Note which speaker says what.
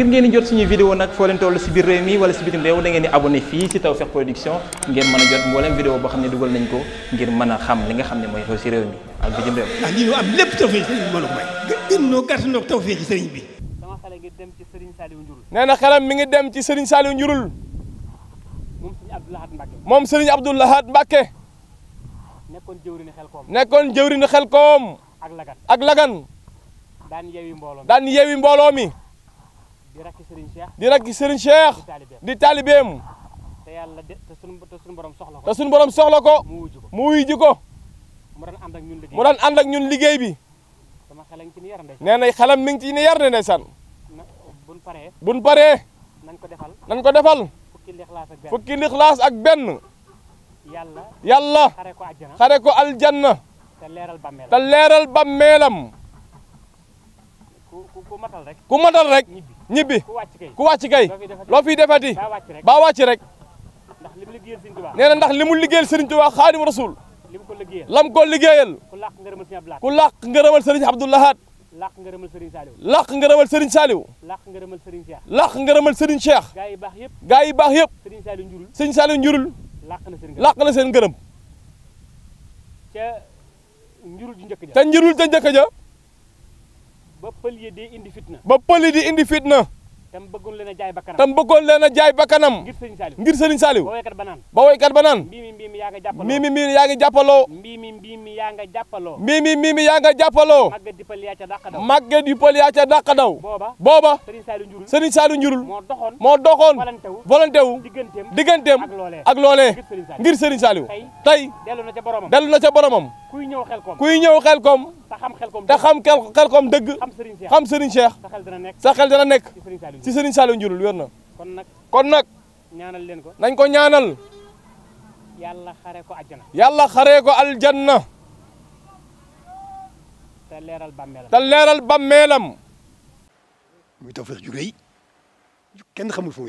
Speaker 1: ngir ngeen di jot suñuy vidéo nag foo leen toll si biir réew mi wala si bitim réew da ngeen di abonné fii si Tawfekh Production ngeen mën a jot mboolem vidéo boo xam ne dugal nañ ko ngir mën a xam li nga xam ne mooy xew si réew mi ak bitim réew. ndax ah, lii ñu am bi mën a dem ci sëriñ Saliou Njurul. nee na xelam mi ngi dem ci sëriñ Saliou
Speaker 2: Njurul.
Speaker 3: moom sëriñ Abdou Lahad Mbacke.
Speaker 2: moom sëriñ Abdou Lahad Mbacke.
Speaker 3: nekkoon jëwriñu xel koom. nekkoon jëwriñu xel
Speaker 2: koom. ak lagan ak lagan. daan yeewi mbooloo mi
Speaker 3: di rakki Serigne Cheikh. di
Speaker 2: rakki Serigne di taalibeem
Speaker 3: te yàlla de te suñu borom soxla ko. te suñu borom soxla ko. mu wuyu
Speaker 2: ko mu wuyu ji ko.
Speaker 3: mu daan ànd ak
Speaker 2: ñun liggéey bi
Speaker 3: mu daan ànd ak ñun liggéey
Speaker 2: bi. na xelam mi ngi ci ni yar na ndeysaan. buñ paree. buñ paree.
Speaker 3: nañ ko defal nañ ko defal. fukki lixlaas ak benn fukki lixlaas ak
Speaker 2: benn. yàlla. xare ko aljanna. xare ko aljanna. te leeral bàmmeelam te leeral bàmmeelam.
Speaker 3: ku matal rek ku matal rek ñibbi ku wàcc kay loo fiy defati ba wàcc rek nee na ndax li mu liggéeyal Serigne Touba Xaadimu Rasuul lam ko liggéeyal ku làq ngërëmal Serigne Abdoul Ahad làq ngërëmal Serigne Saliou làq
Speaker 2: ngërëmal Serigne Saliou làq
Speaker 3: ngërëmal Serigne Cheikh làq ngërëmal Serigne Cheikh gaa yi baax yëpp
Speaker 2: gaa yi baax yëpp Serigne Saliou njurul Serigne Saliou njurul làq na seen ngërëm ca njurul ju njëkk ja
Speaker 3: ba pël yi di indi fitna. ba
Speaker 2: indi fitna.
Speaker 3: tam bëggoon leen a jaay bakkanam bëggoon
Speaker 2: leen a jaay bakkanam. ngir Serigne
Speaker 3: Saliou ngir Serigne Saliou. ba woykat ba naan ba woykat ba naan. yaa nga jàppaloo mbii mi mbii mi yaa nga jàppaloo. mbii mi mbii nga jàppaloo. mbii mi mbii mi yaa nga jàppaloo. màggat di pël yaa ca dàq daw màggat di
Speaker 2: pël yaa ca dàq daw. booba booba Serigne Saliou njurul Serigne Saliou njurul. moo doxoon moo doxoon volonté wu volonté wu. digganteem digganteem ak loolee. ngir Serigne Saliou ngir Serigne Saliou. tey
Speaker 3: dellu na ca boromam kuy ñëw xelkom kuy ñëw xelkom te xam xelkom dëgg xam Serigne Cheikh sa xel dana nekk ci Serigne
Speaker 2: Saliou Njurul wér na kon nag ñaanal leen ko nañ ko ñaanal
Speaker 3: yàlla xaree ko aljanna
Speaker 2: yàlla xaree ko aljanna
Speaker 3: te leeral bàmmeelam
Speaker 2: te leeral bàmmeelam
Speaker 1: muy tawfeex ju rëy kenn xamul fu